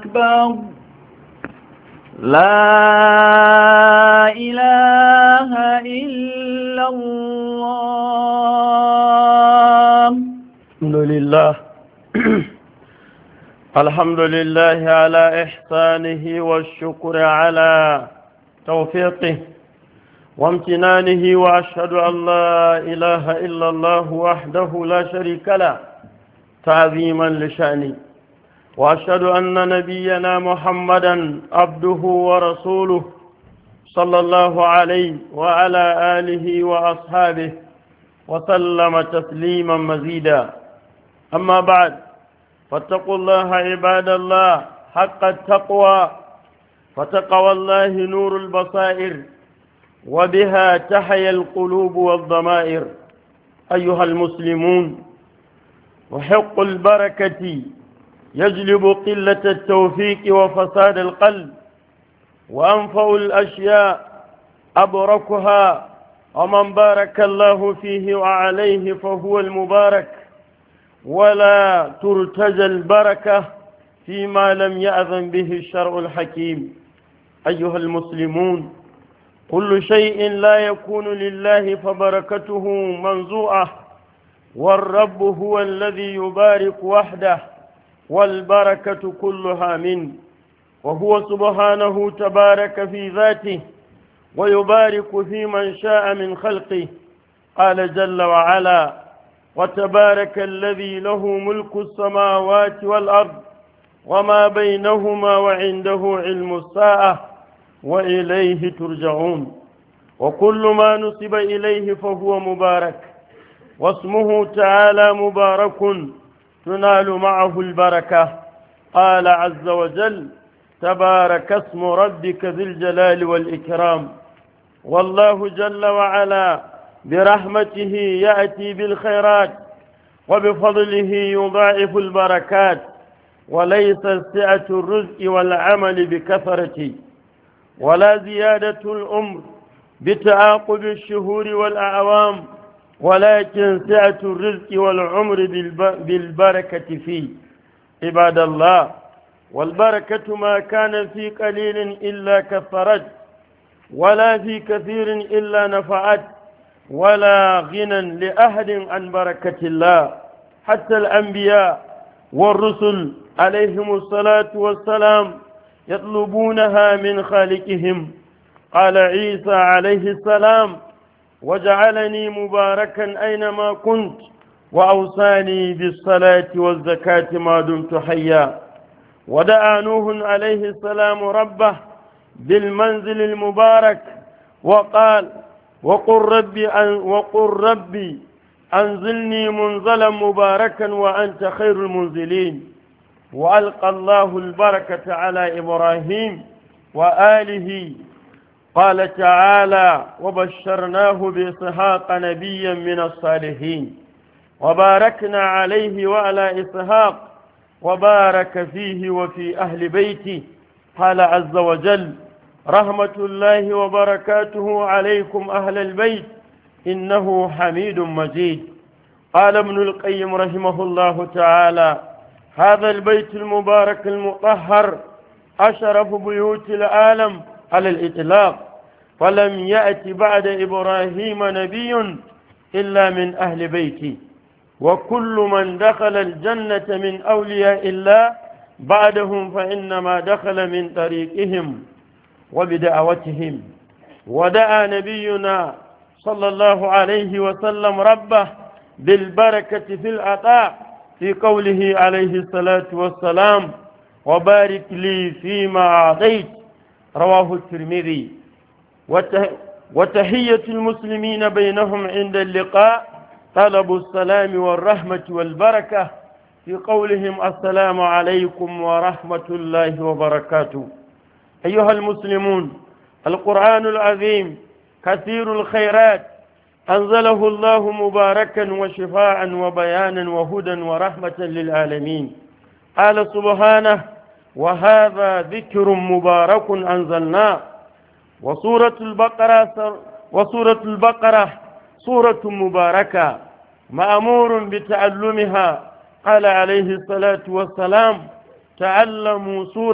أكبر لا إله إلا الله الحمد لله الحمد لله على إحسانه والشكر على توفيقه وامتنانه وأشهد أن لا إله إلا الله وحده لا شريك له تعظيما لشأنه وأشهد أن نبينا محمدا عبده ورسوله صلى الله عليه وعلى آله وأصحابه وسلم تسليما مزيدا أما بعد فاتقوا الله عباد الله حق التقوى فتقوى الله نور البصائر وبها تحيا القلوب والضمائر أيها المسلمون وحق البركة يجلب قلة التوفيق وفساد القلب وأنفأ الأشياء أبركها ومن بارك الله فيه وعليه فهو المبارك ولا ترتجى البركة فيما لم يأذن به الشرع الحكيم أيها المسلمون كل شيء لا يكون لله فبركته منزوعة والرب هو الذي يبارك وحده والبركة كلها منه وهو سبحانه تبارك في ذاته ويبارك في من شاء من خلقه قال جل وعلا وتبارك الذي له ملك السماوات والأرض وما بينهما وعنده علم الساعة وإليه ترجعون وكل ما نسب إليه فهو مبارك واسمه تعالى مبارك تنال معه البركة قال عز وجل تبارك اسم ربك ذي الجلال والإكرام والله جل وعلا برحمته يأتي بالخيرات وبفضله يضاعف البركات وليس سعة الرزق والعمل بكثرة ولا زيادة الأمر بتعاقب الشهور والأعوام ولكن سعة الرزق والعمر بالبركة فيه عباد الله والبركة ما كان في قليل إلا كثرت ولا في كثير إلا نفعت ولا غنى لأحد عن بركة الله حتى الأنبياء والرسل عليهم الصلاة والسلام يطلبونها من خالقهم قال عيسى عليه السلام وجعلني مباركا أينما كنت وأوصاني بالصلاة والزكاة ما دمت حيا ودعا نوح عليه السلام ربه بالمنزل المبارك وقال وقل ربي أن وقل ربي أنزلني منزلا مباركا وأنت خير المنزلين وألقى الله البركة على إبراهيم وآله قال تعالى وبشرناه بإسحاق نبيا من الصالحين وباركنا عليه وعلى إسحاق وبارك فيه وفي أهل بيته قال عز وجل رحمة الله وبركاته عليكم أهل البيت إنه حميد مجيد قال ابن القيم رحمه الله تعالى هذا البيت المبارك المطهر أشرف بيوت العالم على الإطلاق فلم يأت بعد إبراهيم نبي إلا من أهل بيتي وكل من دخل الجنة من أولياء الله بعدهم فإنما دخل من طريقهم وبدعوتهم ودعا نبينا صلى الله عليه وسلم ربه بالبركة في العطاء في قوله عليه الصلاة والسلام وبارك لي فيما أعطيت رواه الترمذي وتحية المسلمين بينهم عند اللقاء طلب السلام والرحمة والبركة في قولهم السلام عليكم ورحمة الله وبركاته أيها المسلمون القرآن العظيم كثير الخيرات أنزله الله مباركا وشفاعا وبيانا وهدى ورحمة للعالمين قال سبحانه وهذا ذكر مبارك أنزلناه وسورة البقرة وسورة البقرة سورة مباركة مأمور بتعلمها قال عليه الصلاة والسلام تعلموا سورة